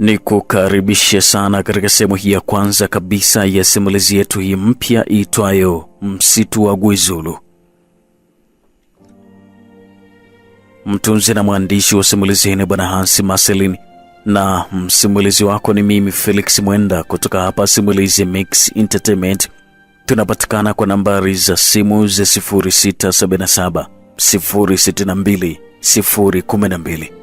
Ni kukaribishe sana katika sehemu hii ya kwanza kabisa ya simulizi yetu hii mpya iitwayo Msitu wa Gwizulu. Mtunzi na mwandishi wa simulizi hii ni Bwana Hansi Marcelin na msimulizi wako ni mimi Felix Mwenda kutoka hapa Simulizi Mix Entertainment. Tunapatikana kwa nambari za simu za 0677 062 012.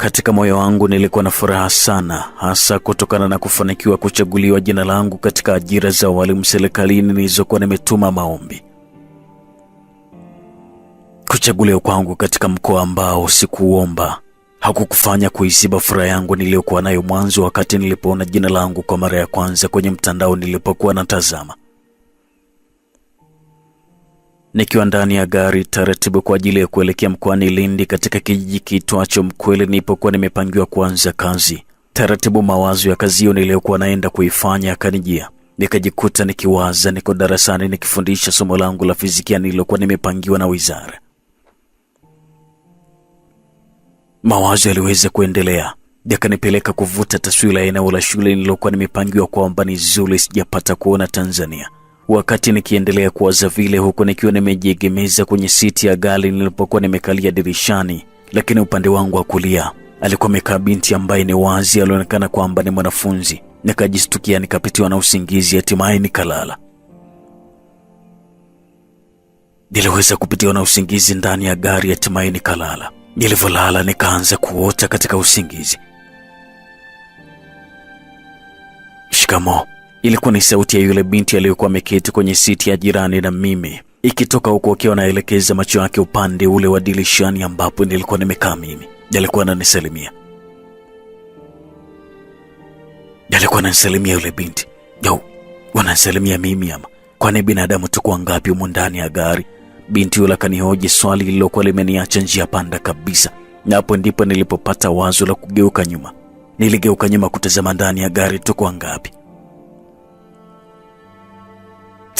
Katika moyo wangu nilikuwa na furaha sana, hasa kutokana na kufanikiwa kuchaguliwa jina langu katika ajira za walimu serikalini nilizokuwa nimetuma maombi. Kuchaguliwa kwangu katika mkoa ambao sikuomba hakukufanya kuiziba furaha yangu niliyokuwa nayo mwanzo, wakati nilipoona jina langu kwa mara ya kwanza kwenye mtandao nilipokuwa natazama. Nikiwa ndani ya gari taratibu kwa ajili ya kuelekea mkoani Lindi katika kijiji kitwacho Mkwele nilipokuwa nimepangiwa kuanza kazi. Taratibu mawazo ya kazi hiyo niliyokuwa naenda kuifanya yakanijia, nikajikuta nikiwaza niko darasani nikifundisha somo langu la fizikia nililokuwa nimepangiwa na wizara. Mawazo yaliweza kuendelea yakanipeleka kuvuta taswira ya eneo la shule nililokuwa nimepangiwa kwamba ni zuri sijapata kuona Tanzania. Wakati nikiendelea kuwaza vile, huku nikiwa nimejiegemeza kwenye siti ya gari nilipokuwa nimekalia dirishani, lakini upande wangu wa kulia alikuwa amekaa binti ambaye ni wazi alionekana kwamba ni mwanafunzi. Nikajistukia nikapitiwa na usingizi, hatimaye nikalala. Niliweza kupitiwa na usingizi ndani ya gari, hatimaye nikalala. Nilivyolala nikaanza kuota katika usingizi. Shikamo. Ilikuwa ni sauti ya yule binti aliyokuwa ameketi kwenye siti ya jirani na mimi, ikitoka huku akiwa anaelekeza macho yake upande ule wa dirishani ambapo nilikuwa nimekaa mimi. Yalikuwa ananisalimia, yalikuwa ananisalimia yule binti au wananisalimia mimi ama? Kwani binadamu tuko ngapi humu ndani ya gari? Binti yule akanihoji swali lililokuwa limeniacha njia panda kabisa, na hapo ndipo nilipopata wazo la kugeuka nyuma. Niligeuka nyuma kutazama ndani ya gari, tuko ngapi?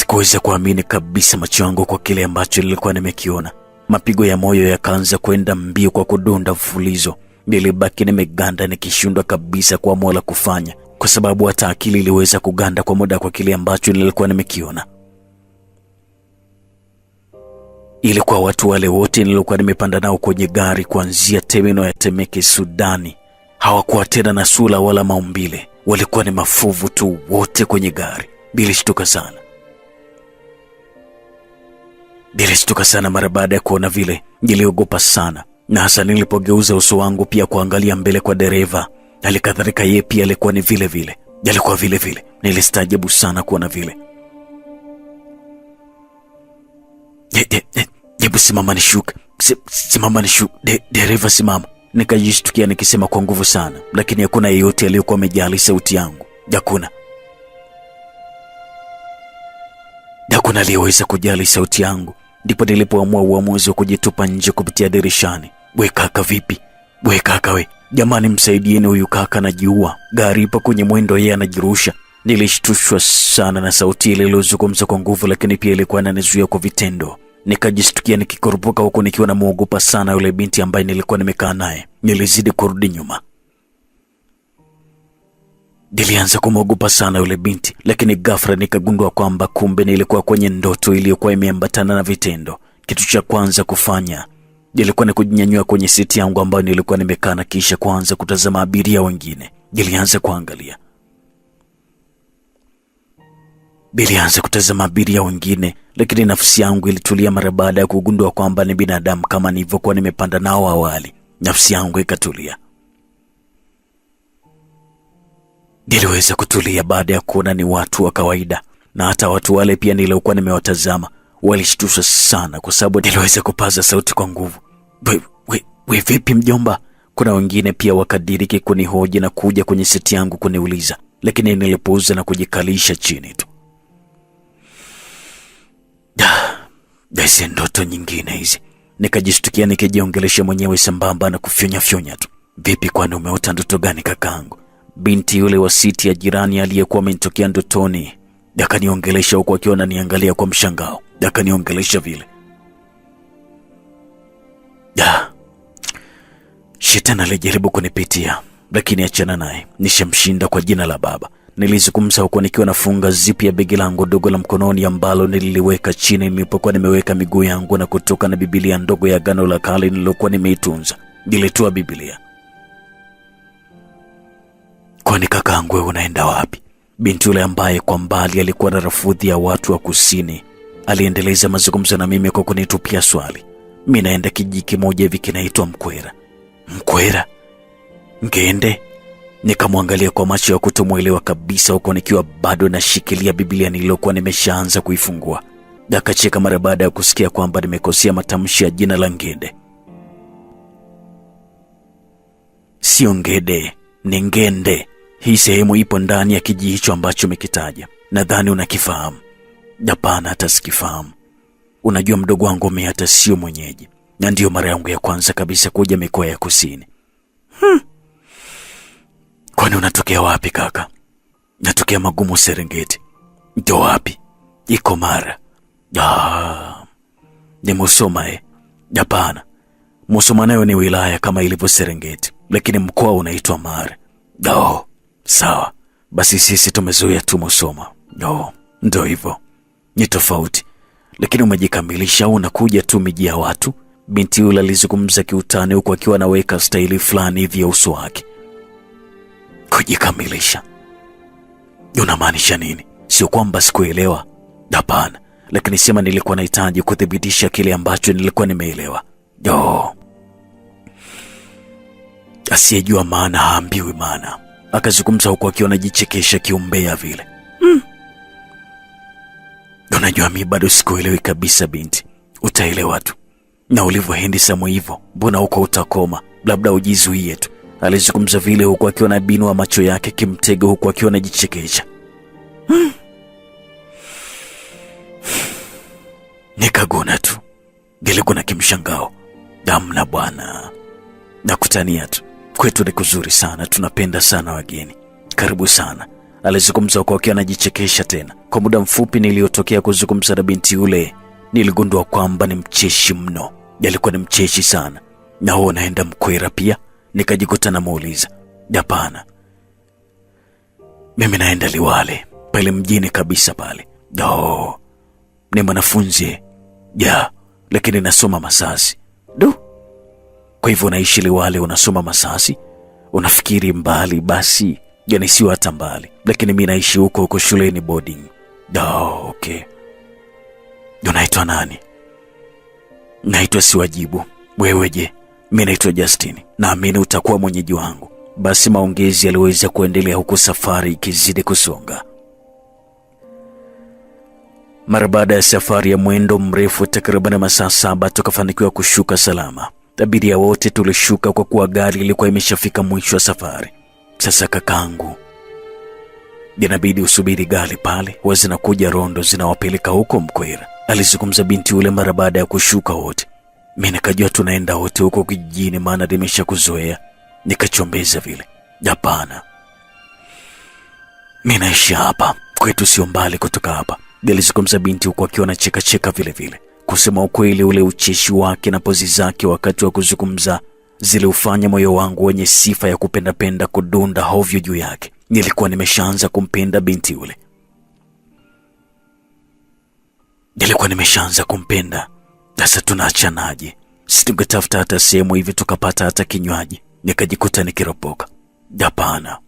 Sikuweza kuamini kabisa macho yangu kwa kile ambacho nilikuwa nimekiona. Mapigo ya moyo yakaanza kwenda mbio kwa kudunda mfulizo. Nilibaki nimeganda nikishindwa kabisa kuamua la kufanya, kwa sababu hata akili iliweza kuganda kwa muda kwa kile ambacho nilikuwa nimekiona. Ilikuwa watu wale wote nilikuwa nimepanda nao kwenye gari kuanzia temino ya Temeke Sudani. Hawakuwa tena na sura wala maumbile, walikuwa ni mafuvu tu wote kwenye gari. bilishtuka sana. Nilishtuka sana mara baada ya kuona vile, niliogopa sana, na hasa nilipogeuza uso wangu pia kuangalia mbele kwa dereva. Halikadhalika yeye pia alikuwa ni vile vile, alikuwa vile vile. Nilistaajabu sana kuona vile. Hebu simama nishuke, simama nishuke, dereva simama! Nikajishtukia nikisema kwa nguvu sana, lakini hakuna yeyote aliyokuwa amejali sauti yangu, hakuna. Hakuna aliyeweza kujali sauti yangu, ndipo nilipoamua uamuzi wa kujitupa nje kupitia dirishani. We kaka, vipi? We kaka, we jamani, msaidieni huyu kaka anajiua, gari ipo kwenye mwendo, yeye anajirusha. Nilishtushwa sana na sauti ile iliyozungumza kwa nguvu, lakini pia ilikuwa inanizuia kwa vitendo. nikajistukia nikikurupuka huku nikiwa namwogopa sana yule binti ambaye nilikuwa nimekaa naye. Nilizidi kurudi nyuma, Nilianza kumwogopa sana yule binti, lakini ghafla nikagundua kwamba kumbe nilikuwa kwenye ndoto iliyokuwa imeambatana na vitendo. Kitu cha kwanza kufanya nilikuwa ni kujinyanyua kwenye siti yangu ambayo nilikuwa nimekaa na kisha kuanza kutazama abiria wengine. Nilianza kuangalia, nilianza kutazama abiria wengine, lakini nafsi yangu ilitulia mara baada ya kugundua kwamba ni binadamu kama nilivyokuwa nimepanda nao awali. Nafsi yangu ikatulia. Niliweza kutulia baada ya kuona ni watu wa kawaida, na hata watu wale pia niliokuwa nimewatazama walishtushwa sana, kwa sababu niliweza kupaza sauti kwa nguvu, we, we, we vipi mjomba? Kuna wengine pia wakadiriki kunihoji na kuja kwenye seti yangu kuniuliza, lakini nilipouza na kujikalisha chini tu. Dese, ndoto nyingine hizi, nikajishtukia nikijiongelesha mwenyewe sambamba na kufyonyafyonya tu. Vipi, kwani umeota ndoto gani kakaangu? binti yule wa siti ya jirani aliyekuwa amenitokea ndotoni, akaniongelesha huku akiwa ananiangalia kwa mshangao, akaniongelesha vile da. Shetani alijaribu kunipitia lakini achana naye, nishamshinda kwa jina la Baba. Nilizungumza huku nikiwa nafunga zipi ya begi langu dogo la mkononi ambalo nililiweka chini nilipokuwa nimeweka miguu yangu na kutoka na Bibilia ndogo ya Agano la Kale nililokuwa nimeitunza. Nilitoa Bibilia Kwani kaka wewe unaenda wapi? Binti yule ambaye kwa mbali alikuwa na rafudhi ya watu wa kusini aliendeleza mazungumzo na mimi kwa kunitupia swali. Mi naenda kijiji kimoja hivi kinaitwa Mkwera. Mkwera? Ngende? Nikamwangalia kwa macho ya kutomwelewa kabisa, huko nikiwa bado nashikilia Biblia nililokuwa nimeshaanza kuifungua. Akacheka mara baada ya kusikia kwamba nimekosea matamshi ya jina la Ngede. Sio Ngede, Nengende. Hii sehemu ipo ndani ya kiji hicho ambacho umekitaja, nadhani unakifahamu. Hapana, hata sikifahamu. Unajua mdogo wangu mimi hata sio mwenyeji, na ndiyo mara yangu ya kwanza kabisa kuja mikoa ya kusini. Hmm. Kwani unatokea wapi kaka? Natokea Magumu, Serengeti. Ndio wapi? Iko Mara. Ah, ni Musoma eh? Hapana, Musoma nayo ni wilaya kama ilivyo Serengeti lakini mkoa unaitwa mar Oh, sawa basi, sisi tumezoea tu Musoma. Oh, ndo hivyo, ni tofauti, lakini umejikamilisha au unakuja tu miji ya watu? Binti yule alizungumza kiutani, huku akiwa anaweka staili fulani hivi ya uso wake. Kujikamilisha unamaanisha nini? Sio kwamba sikuelewa, hapana, lakini sema nilikuwa nahitaji kuthibitisha kile ambacho nilikuwa nimeelewa. Oh, asiyejua maana haambiwi maana, akazungumza huku akiwa anajichekesha kiumbea vile mm. Unajua, mi bado sikuelewi kabisa binti. Utaelewa tu na ulivyohendi samu hivyo, mbona huko utakoma, labda ujizuie tu, alizungumza vile huku akiwa na wa macho yake kimtego, huku akiwa anajichekesha mm. Nikaguna tu, nilikuwa na kimshangao damna bwana, nakutania tu Kwetu ni kuzuri sana, tunapenda sana wageni, karibu sana, alizungumza huku akiwa anajichekesha tena. Kwa muda mfupi niliyotokea kuzungumza na binti yule, niligundua kwamba ni mcheshi mno, yalikuwa ni mcheshi sana. Na huo unaenda Mkwera pia? Nikajikuta namuuliza. Hapana, mimi naenda Liwale pale mjini kabisa pale. Oh, ni mwanafunzi ja, lakini nasoma Masasi. Kwa hivyo unaishi Liwale, unasoma Masasi, unafikiri mbali. Basi yani sio hata mbali, lakini mi naishi huko huko shuleni boarding. Oh, okay. Unaitwa nani? Naitwa Siwajibu. Wewe je? Mi naitwa Justin. Naamini utakuwa mwenyeji wangu. Basi maongezi yaliweza kuendelea huku safari ikizidi kusonga. Mara baada ya safari ya mwendo mrefu takriban masaa saba, tukafanikiwa kushuka salama. Abiria wote tulishuka kwa kuwa gari ilikuwa imeshafika mwisho wa safari. Sasa kakangu, inabidi usubiri gari pale, huwa zinakuja rondo zinawapeleka huko Mkwira, alizungumza binti yule mara baada ya kushuka wote. Mi nikajua tunaenda wote huko kijijini, maana nimesha kuzoea. Nikachombeza vile, hapana, mi naishi hapa kwetu, sio mbali kutoka hapa, alizungumza binti huku akiwa anachekacheka vilevile. Kusema ukweli, ule ucheshi wake na pozi zake wakati wa kuzungumza ziliufanya moyo wangu wenye sifa ya kupendapenda kudunda hovyo juu yake. Nilikuwa nimeshaanza kumpenda binti yule, nilikuwa nimeshaanza kumpenda. Sasa tunaachanaje? Si tungetafuta hata sehemu hivi tukapata hata kinywaji, nikajikuta nikiropoka. Hapana,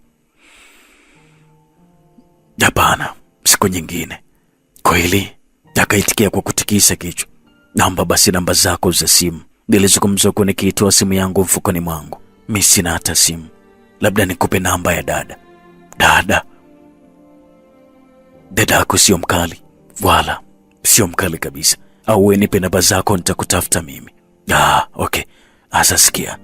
hapana, siku nyingine. Kweli? Akaitikia kwa kutikisa kichwa. Naomba basi namba zako za simu. Nilizungumza kuwa nikiitoa simu yangu mfukoni mwangu, mi sina hata simu, labda nikupe namba ya dada. Dada, dada yako sio mkali wala sio mkali kabisa, au we nipe namba zako, nitakutafuta mimi. Ah, okay. Asa sikia,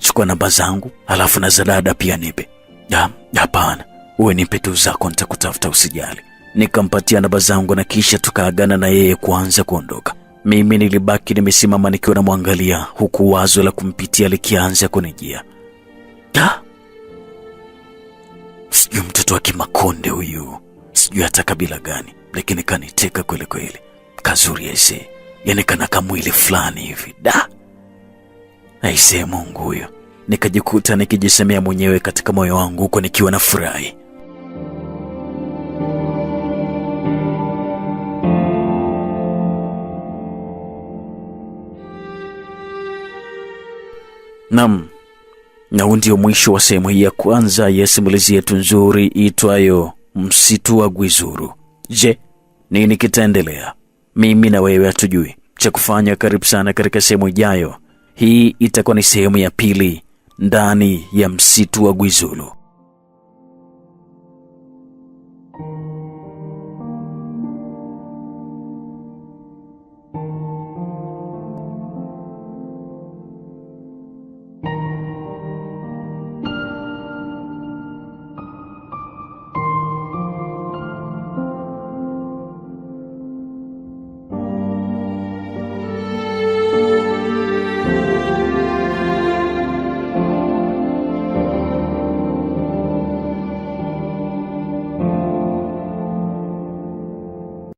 chukua namba zangu alafu na za dada pia nipe. Ah, hapana, uwe nipe tu zako, nitakutafuta usijali. Nikampatia namba zangu na kisha tukaagana na yeye kuanza kuondoka. Mimi nilibaki nimesimama nikiwa namwangalia, huku wazo la kumpitia likianza kunijia. Sijui mtoto wa Kimakonde huyu, sijui hata kabila gani, lakini kaniteka kweli kweli, kazuri aise, yaani kana kamwili fulani hivi da, aisee, Mungu huyo. Nikajikuta nikijisemea mwenyewe katika moyo wangu huko nikiwa na furahi. Naam, na huu ndio mwisho wa sehemu hii ya kwanza ya simulizi yetu nzuri itwayo Msitu wa Gwizuru. Je, nini kitaendelea? Mimi na wewe hatujui cha kufanya. Karibu sana katika sehemu ijayo. Hii itakuwa ni sehemu ya pili ndani ya Msitu wa Gwizuru.